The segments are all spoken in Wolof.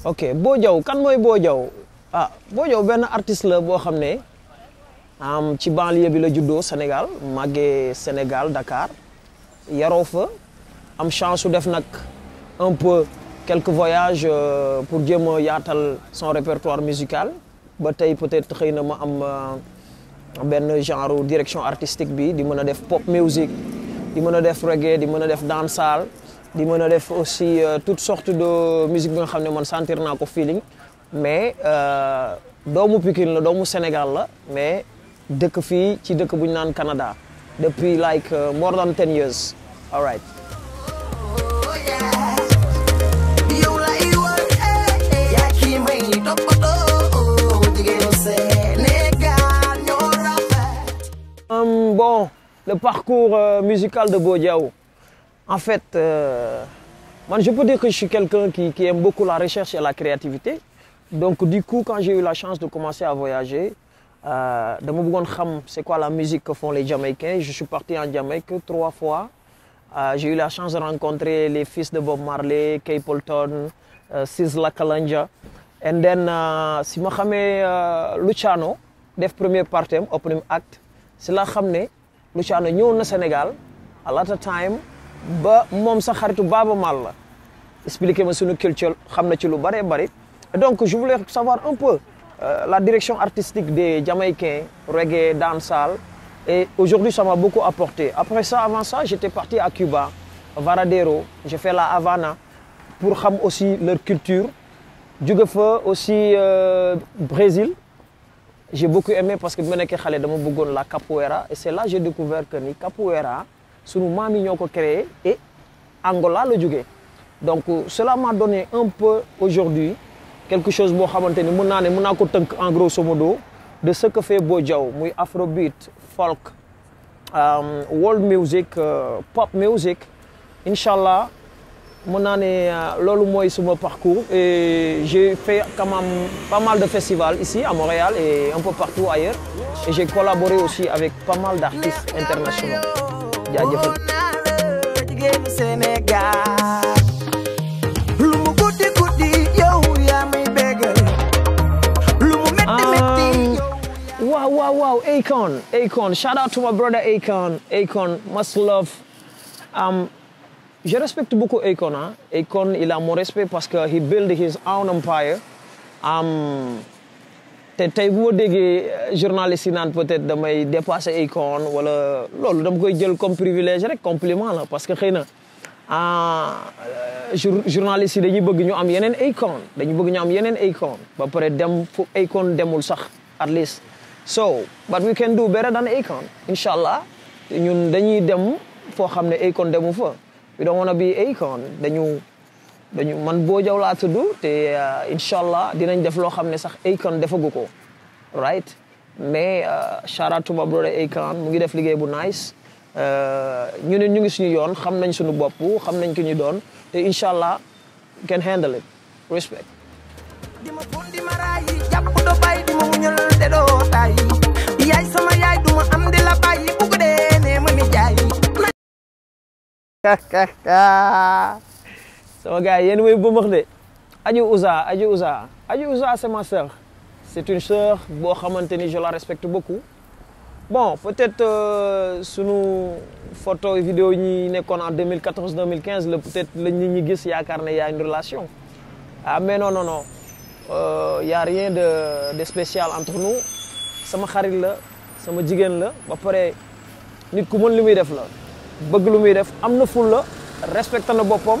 ok Bo Diaw kan mooy Bo Diaw ah Bo Diaw benn artiste la boo xam ne am ci banlieue bi la juddoo Sénégal màggee Sénégal Dakar yaroo am chance su def nag un peu quelques voyages euh, pour jéem a yaatal son répertoire musical ba tey peut-être xëy na ma am ben genre direction artistique bi di mën def pop music di mën def reggae di mën def dancehall je mën a aussi euh, toutes sortes de musique bi nga xam ne sentir naa feeling mais euh, doomu Pikine la doomu Sénégal la mais dëkk fii ci je suis ñu Canada depuis like euh, more than ten years all right. bon le parcours musical de Bodiaou. En fait, euh, je peux dire que je suis quelqu'un qui, aime beaucoup la recherche et la créativité. Donc, du coup, quand j'ai eu la chance de commencer à voyager, euh, de mon c'est quoi la musique que font les Jamaïcains. Je suis parti en Jamaïque trois fois. Euh, j'ai eu la chance de rencontrer les fils de Bob Marley, Kay Polton, euh, Sizzla Kalanja. Et puis, euh, si je connais Luciano, le premier le opening act, c'est là que Luciano est au Sénégal. À l'autre ba mom sa xaritu baba mal expliquer ma sunu culture donc je voulais savoir un peu euh, la direction artistique des Jamaïcains reggae dancehall et aujourd'hui ça m'a beaucoup apporté après ça avant ça j'étais parti à Cuba Varadero j'ai fait la Havana pour xam aussi leur culture du fa aussi euh, Brésil j'ai beaucoup aimé parce que je suis allé la capoeira et c'est là j'ai découvert que ni capoeira sunu et Angola la donc cela m'a donné un peu aujourd'hui quelque chose pour Mon en grosso modo de ce que fait Bojao. afrobeat folk euh, world music euh, pop music Inshallah, mon année naa euh, parcours et j'ai fait quand même pas mal de festivals ici à Montréal et un peu partout ailleurs et j'ai collaboré aussi avec pas mal d'artistes internationaux Wow! Wow! Wow! Akon Akon shout out to my brother Akon Akon much love um, je respecte beaucoup Akon hein? Akon il a mon respect parce que he build his own empire um, te tey bu ma déggee euh, journaliste yi naan peut-être damay dépasser icône wala loolu dama koy jël comme privilège rek compliment la parce que xëy na ah, euh, journaliste yi dañuy bëgg ñu am yeneen icône dañu bëgg ñu am yeneen icône ba pare dem fu icône demul sax at least so but we can do better than icône incha allah ñun dañuy dem foo xam ne icône demu fa we don't wanna be icône dañu dañu man bo jaw la tuddu te euh, incha allah dinañ def lo xam sax Akon defaguko right mais euh, Shara Touba brother Akon mu ngi def liggéey bu nice euh, ñu ne ñu ngi suñu yoon xam nañ suñu bopp xam nañ ki ñu doon te inshallah can handle it respect. dima sama gars yéen mooy bëmëx de Adji Ouza Adji Ouza Adji Ouza c'est ma sœur c'est une sœur bo xamante je la respecte beaucoup bon peut-être euh, sunu photo vidéo ñi nekkoon en 2014 2015 le peut-être la nit ñi gis yaakaar ne y a une relation ah mais non non non Il euh, y a rien de de spécial entre nous sama xarit la sama jigen la ba paré nit ku mën limuy def la bëgg lu muy def amna na ful la respecte na boppam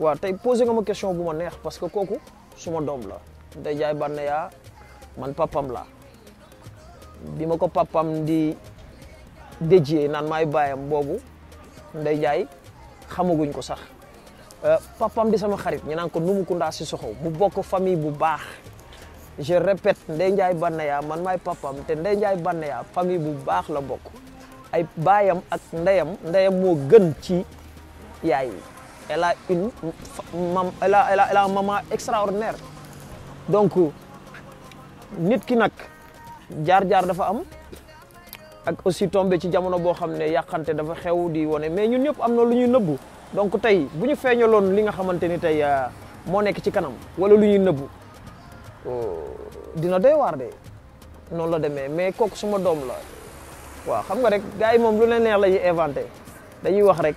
waaw tey posé nga ma question bu ma neex parce que kooku suma doom la day jaay bànneyaa man papam la bi ma ko papam di déjee naan maay bàyyam boobu nday jaay xamaguñ ko sax euh, papam di sama xarit ñu naan ko si Sissoko mu bokk famille bu baax je répète Ndeye Ndiaye Banaya man maay papam te Ndeye Ndiaye Banaya famille bu baax la bokk ay baayam ak ndeyam ndeyam moo gën ci yaay Elle a, une, elle a, elle a, elle a un maman extraordinaire. Donc, nit ki nak jar jar dafa am ak aussi tomber ci jamono bo xam ne dafa xew di wone mais ñun ñëpp amna na lu ñuy nëbbu donc tay buñu feñalon li nga xamanteni tay euh, mo nek ci kanam wala lu ñuy nëbbu euh, dina doy war de non la démé mais kok suma dom la wa xam nga rek gaay mom lu leen neex la ñuy dañuy wax rek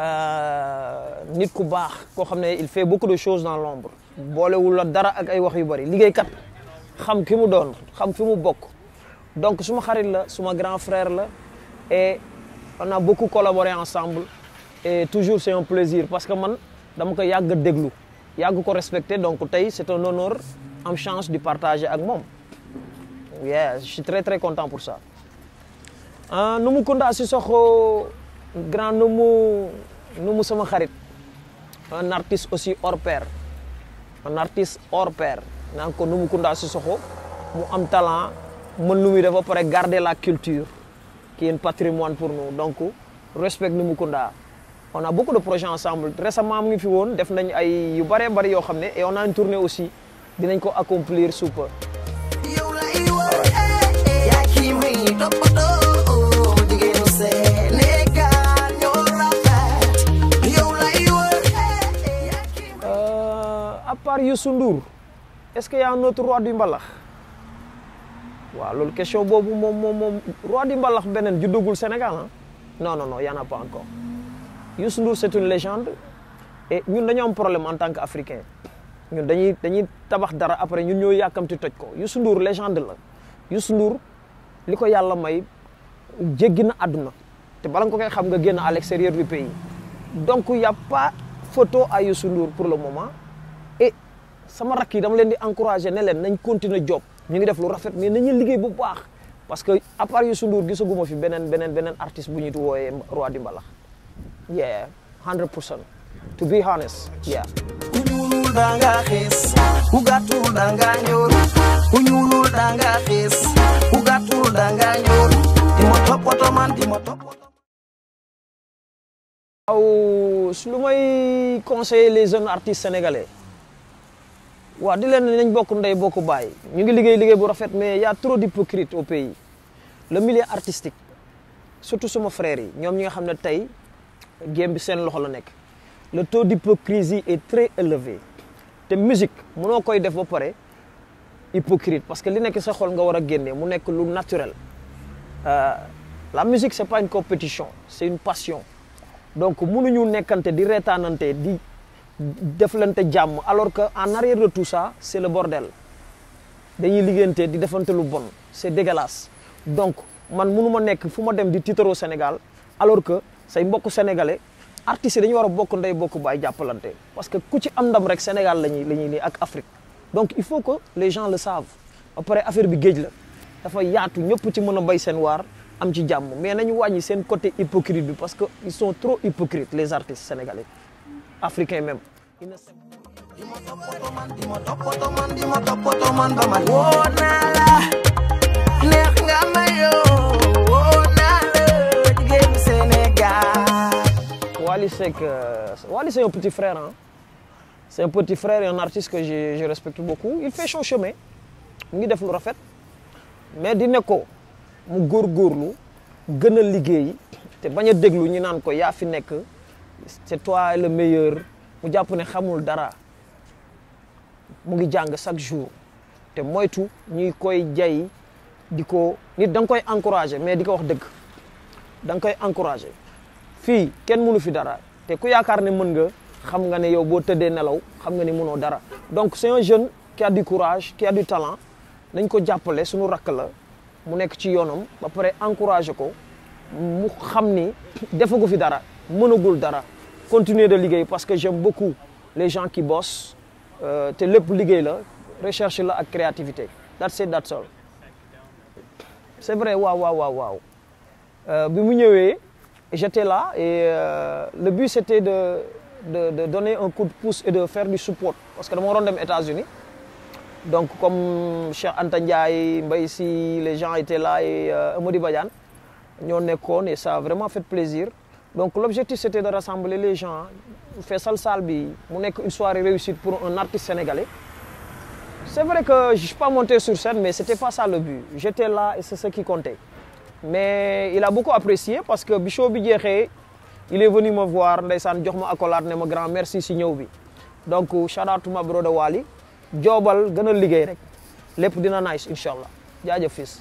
Euh, nit ku baax koo xam il fait beaucoup de choses dans l'ombre boolewul la dara ak ay wax yu bëri liggéeykat xam ki mu doon xam fi mu bokk donc suma xarit la suma grand frère la et on a beaucoup collaboré ensemble et toujours c'est un plaisir parce que man dama ko yàgg déglu yàgg ko respecté donc tey c'est un honneur am chance di partager avec moom yeah je suis très très content pour ça euh, Nous Numukunda Sissoko grand nous nomu sama xarit un artiste aussi hors pair un artiste hors pair nous ko kunda Kounda soxo mu am talent mën lu garder la culture qui est un patrimoine pour nous donc respect Numu kunda on a beaucoup de projets ensemble récemment mu fi won def nañ ay yu yo xamné et on a une tournée aussi dinañ ko accomplir super. Eh, eh, eh. Youssou Ndour est-ce qu'il y a un autre roi du mbalax wa lol question bobu mom mom mom roi du mbalax ju dougul Sénégal hein non non non y en a pas encore Youssou Ndour c'est une légende et ñun dañu am problème en tant qu'Africain ñun dañuy dañuy tabax dara après ñun ñoo yàkkamti toj ko Youssou Ndour légende la Youssou Ndour li may djegina aduna te ko kay xam nga genn à l'extérieur du pays donc y a pas photo à Youssou pour le moment sama rakki dama len di encourager ne len nañ continuer job ñu ngi def lu rafet mais nañu liggéey bu baax parce que à part yu Ndour gisuguma fi benen benen benen artiste bu ñu di woyé roi di mbalax yeah 100 to be honest yeah uñulul da nga conseiller les jeunes artistes sénégalais Oui, di leen ne nañ bokk ndey bokk baay ñu ngi liggéey liggéey y' a trop d'hypocrites au pays le milieu artistique surtout suma frères qui ñoom ñi nga xam ne tey la le taux d'hypocrisie est très élevé La musique mënoo koy def ba hypocrite parce que li nekk sa xol nga war mu naturel euh, la musique ce n'est pas une compétition c'est une passion donc mënuñu nekkante di reetaanante di alors que en arrière de tout ça c'est le bordel dañuy di bon c'est dégueulasse donc man mënu ma nekk fu dem di au Sénégal alors que say mbokk sénégalais artistes yi dañu de a bokk ndey bokk bay parce que ku ci am rek Sénégal la l'Afrique ni Afrique donc il faut que les gens le savent après affaire bi géej la dafa yaatu ñëpp ci mëna bay sen war am ci jamm mais nañu wañi un côté hypocrite parce qu'ils sont trop hypocrites les artistes sénégalais africains même Wali c'est un petit frère hein c'est un petit frère et un artiste que je, respecte beaucoup il fait son chemin il ngi def mais il ne un mu Il est un il est Il déglu c'est toi le meilleur mu jàpp ne xamul dara mu ngi jàng chaque jour te moytu ñuy koy jay di ko ni da nga koy encouragé mais di ko wax dëgg da nga koy encouragé fii kenn mënu fi dara te ku yaakaar ne mën nga xam nga ne yow boo tëddee nelaw xam nga ne mënoo dara donc c'est un jeune qui a du courage qui a du talent nañ ko jàppale suñu rakk la mu nekk ci yoonam ba pare encouragé ko mu xam ni defagu fi dara mënagul dara continuer de liguer parce que j'aime beaucoup les gens qui bossent le euh, lépp liggéey la recherche la créativité that's it that's all c'est vrai waouh, waouh, waouh. waouh. j'étais là et euh, le but c'était de de donner un coup de pouce et de faire du support parce que nous waroon aux États-Unis donc comme Cheikh Anta les gens étaient là et nous nous est con et ça a vraiment fait plaisir donc l'objectif c'était de rassembler les gens faire ça bi une soirée réussite pour un artiste sénégalais c'est vrai que je suis pas monté sur scène mais c'était pas ça le but j'étais là et c'est ce qui comptait mais il a beaucoup apprécié parce que bi show il est venu me voir ndeysaan jox ma accolade ne ma grand merci si donc shout out to my brother Wali, J'obal gën a rek lépp dina nice inshallah. fils